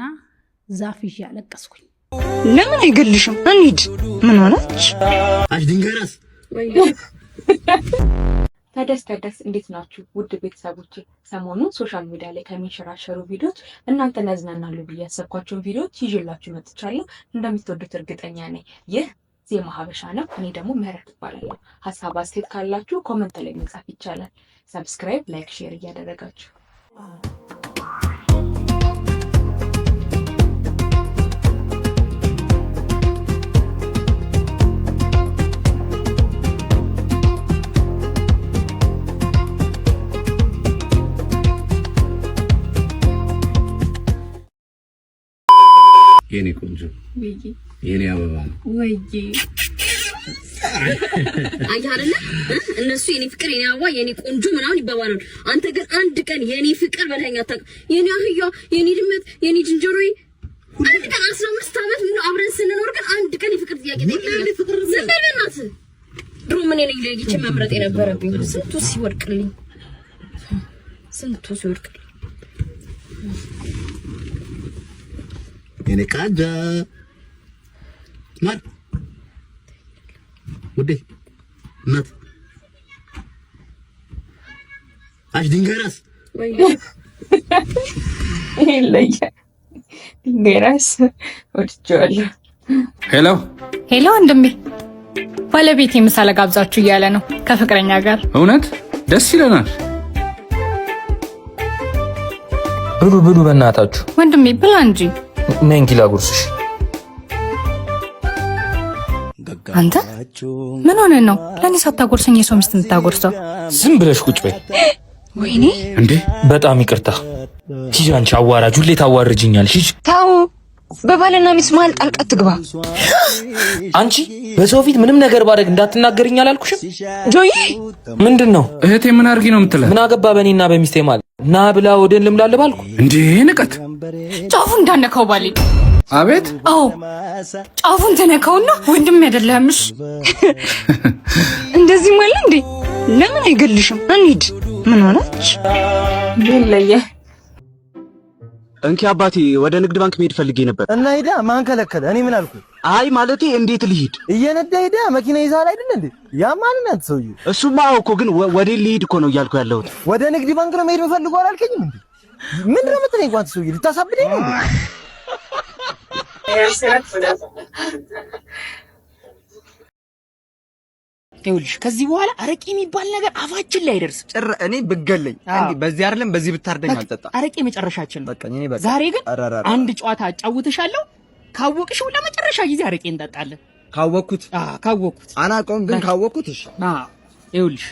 እና ዛፍ ይዤ አለቀስኩኝ። ለምን አይገልሽም? እንሂድ። ምን ሆነች? አሽ ድንገረስ ተደስ ተደስ፣ እንዴት ናችሁ ውድ ቤተሰቦች? ሰሞኑን ሶሻል ሚዲያ ላይ ከሚንሸራሸሩ ቪዲዮዎች እናንተን ያዝናናሉ ብዬ ያሰብኳቸውን ቪዲዮዎች ይዤላችሁ መጥቻለሁ። እንደምትወዱት እርግጠኛ ነኝ። ይህ ዜማ ሀበሻ ነው። እኔ ደግሞ ምህረት እባላለሁ። ሀሳብ አስቴት ካላችሁ ኮመንት ላይ መጻፍ ይቻላል። ሰብስክራይብ፣ ላይክ፣ ሼር እያደረጋችሁ የኔ ቆንጆ የኔ አበባ ነው። አየህ አይደለ? እነሱ የኔ ፍቅር፣ የኔ አበባ፣ የኔ ቆንጆ ምናምን ይባባሉ። አንተ ግን አንድ ቀን የኔ ፍቅር በለኛ አታውቅም። የኔ አህያ፣ የኔ ድመት፣ የኔ ዝንጀሮ አንድ ቀን አስራ አምስት ዓመት ምነው አብረን ስንኖር ግን አንድ ቀን የፍቅር ጥያቄ ጠይቀኝ። ድሮ ምን ነኝ ለይቼ መምረጥ የነበረብኝ ስንቱ ሲወድቅልኝ፣ ስንቱ ሲወድቅልኝ የኔቃደ ማን ውዴ እናት አሽ ድንጋይ ራስ ድንጋይ ራስ ሄሎ ሄሎ፣ ወንድሜ ባለቤቴ ምሳ ለጋብዛችሁ እያለ ነው ከፍቅረኛ ጋር። እውነት ደስ ይለናል። ብሉ ብሉ፣ በእናታችሁ ወንድሜ ብላ እንጂ ነንኪ ላጉርስሽ። አንተ ምን ሆነ ነው ለእኔ ሳታጎርሰኝ የሰው ሚስት የምታጎርሰው? ዝም ብለሽ ቁጭ በይ። ወይኔ እንዴ! በጣም ይቅርታ። ሂጂ አንቺ አዋራጅ፣ ሁሌ ታዋርጅኛል። ሂጂ። ተው፣ በባልና ሚስት መሃል ጣልቃ ትግባ አንቺ በሰው ፊት ምንም ነገር ባደርግ እንዳትናገርኝ አላልኩሽም? ጆይ ምንድን ነው እህቴ? ምን አድርጊ ነው የምትለ? ምን አገባ በእኔና በሚስቴ ማለት ና ብላ ወደን ልምላልብ ባልኩ እንዴ? ንቀት ጫፉ እንዳነካው ባሌ አቤት አዎ፣ ጫፉን ተነካውና ወንድም ያደለህምሽ። እንደዚህ ማለ እንዴ? ለምን አይገልሽም? እንሂድ። ምን ሆነች? ለየ እንኪ አባቴ፣ ወደ ንግድ ባንክ መሄድ ፈልጌ ነበር እና ሄዳ ማን ከለከለ? እኔ ምን አልኩኝ? አይ ማለት እንዴት ልሂድ? እየነዳ ሄደ መኪና ይዛ ላይ አይደል እንዴ? ያም ማንነት ሰውዬው። እሱማ አዎ እኮ ግን ወዴት ልሂድ እኮ ነው እያልኩ ያለሁት። ወደ ንግድ ባንክ ነው መሄድ የምፈልገው አላልከኝም እንዴ? ምን ነው የምትለኝ? እንኳን ሰውዬ ልታሳብደኝ ነው እንዴ? ይኸውልሽ ከዚህ በኋላ አረቄ የሚባል ነገር አፋችን ላይ አይደርስም። ጭር እኔ ብገለኝ እንዴ በዚህ አይደለም በዚህ ብታርደኝ አልጠጣም። አረቄ መጨረሻችን ነው። ዛሬ ግን አንድ ጨዋታ አጫውትሻለሁ ካወቅሽው ለመጨረሻ ጊዜ አረቄ እንጠጣለን። ካወቅኩት ካወቅኩት አላውቀውም፣ ግን ካወቅኩት። እሺ ይኸውልሽ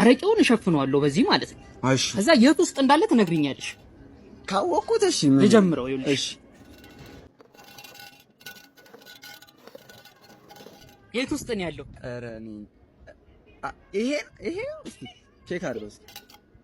አረቄውን እሸፍነዋለሁ በዚህ ማለት ነው። ከዛ የት ውስጥ እንዳለ ትነግሪኛለሽ። ካወቅኩት። እሺ ልጀምረው። ይኸውልሽ የት ውስጥ ነው ያለው? ኧረ እኔ ይሄ ይሄ ቼክ አድርገው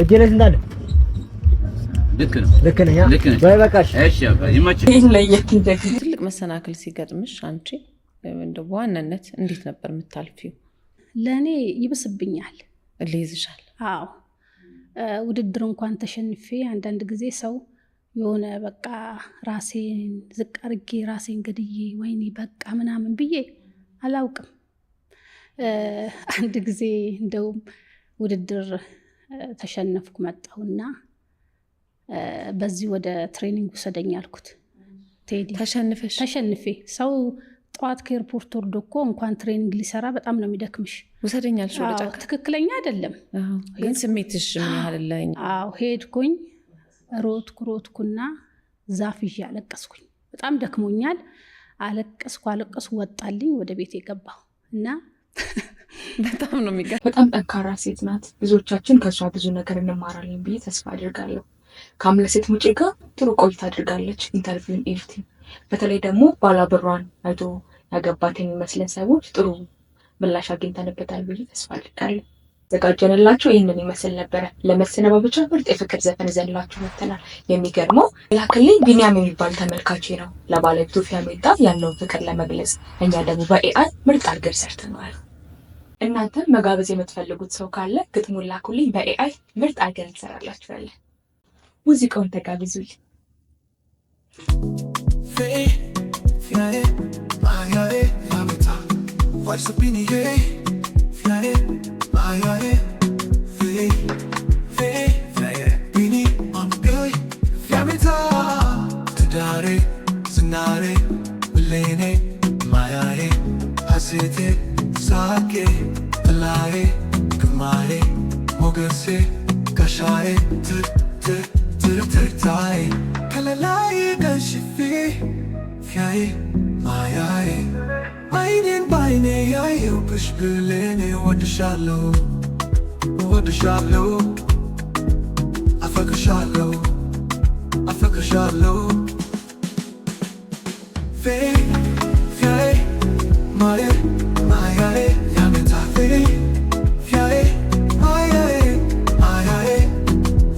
እጄ ላይ ስንት አለ? ልክ ነው ልክ ነህ ልክ ነህ። በቃሽ እሺ፣ ይመችሽ። ትልቅ መሰናክል ሲገጥምሽ አንቺ እንደው በዋናነት እንዴት ነበር የምታልፊው? ለእኔ ይብስብኛል፣ ልይዝሻል። አዎ ውድድር እንኳን ተሸንፌ አንዳንድ ጊዜ ሰው የሆነ በቃ ራሴን ዝቅ አድርጌ ራሴን ገድዬ ወይኔ በቃ ምናምን ብዬ አላውቅም። አንድ ጊዜ እንደውም ውድድር ተሸነፍኩ መጣሁና በዚህ ወደ ትሬኒንግ ውሰደኝ አልኩት። ቴዲ ተሸንፈሽ ተሸንፌ ሰው ጠዋት ከኤርፖርት ወርዶ እኮ እንኳን ትሬኒንግ ሊሰራ በጣም ነው የሚደክምሽ። ውሰደኛል ትክክለኛ አይደለም ግን ስሜትሽ ምን ያህል አዎ ሄድኩኝ። ሮጥኩ ሮጥኩና ዛፍ ይዤ አለቀስኩኝ። በጣም ደክሞኛል። አለቀስኩ አለቀስኩ፣ ወጣልኝ። ወደ ቤት የገባሁ እና በጣም ነው የሚገርም። በጣም ጠንካራ ሴት ናት። ብዙዎቻችን ከእሷ ብዙ ነገር እንማራለን ብዬ ተስፋ አድርጋለሁ። ከአምለ ሴት ሙጬ ጋር ጥሩ ቆይታ አድርጋለች። ኢንተርቪውን፣ ኤቭሪቲንግ በተለይ ደግሞ ባላብሯን አይቶ ያገባት የሚመስለን ሰዎች ጥሩ ምላሽ አግኝተንበታል ብዬ ተስፋ አድርጋለሁ። ዘጋጀንላችሁ ይህንን ይመስል ነበረ። ለመሰነባበቻ ምርጥ የፍቅር ዘፈን ይዘንላችሁ መጥተናል። የሚገርመው ላክልኝ ቢኒያም የሚባል ተመልካች ነው ለባለቤቱ ፊያሜጣ ያለውን ፍቅር ለመግለጽ እኛ ደግሞ በኤአይ ምርጥ አልገር ሰርተነዋል። እናንተም መጋበዝ የምትፈልጉት ሰው ካለ ግጥሙን ላኩልኝ። በኤአይ ምርጥ አገር እንሰራላችኋለን። ሙዚቃውን ተጋብዙልኝ። head to to to to die Kala lai da shifi Kai my eye Einen Beine ja shallow I fuck a shallow I fuck a shallow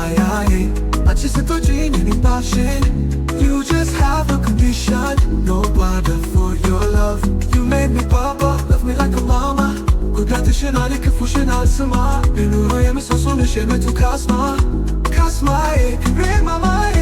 I just said for Jane any passion. You just have a condition. No wonder for your love. You made me papa, love me like a mama. Good at the shinari, kafushin al sama. Binuro yemi sosun, shemetu kasma. Kasma, eh, re mama, eh.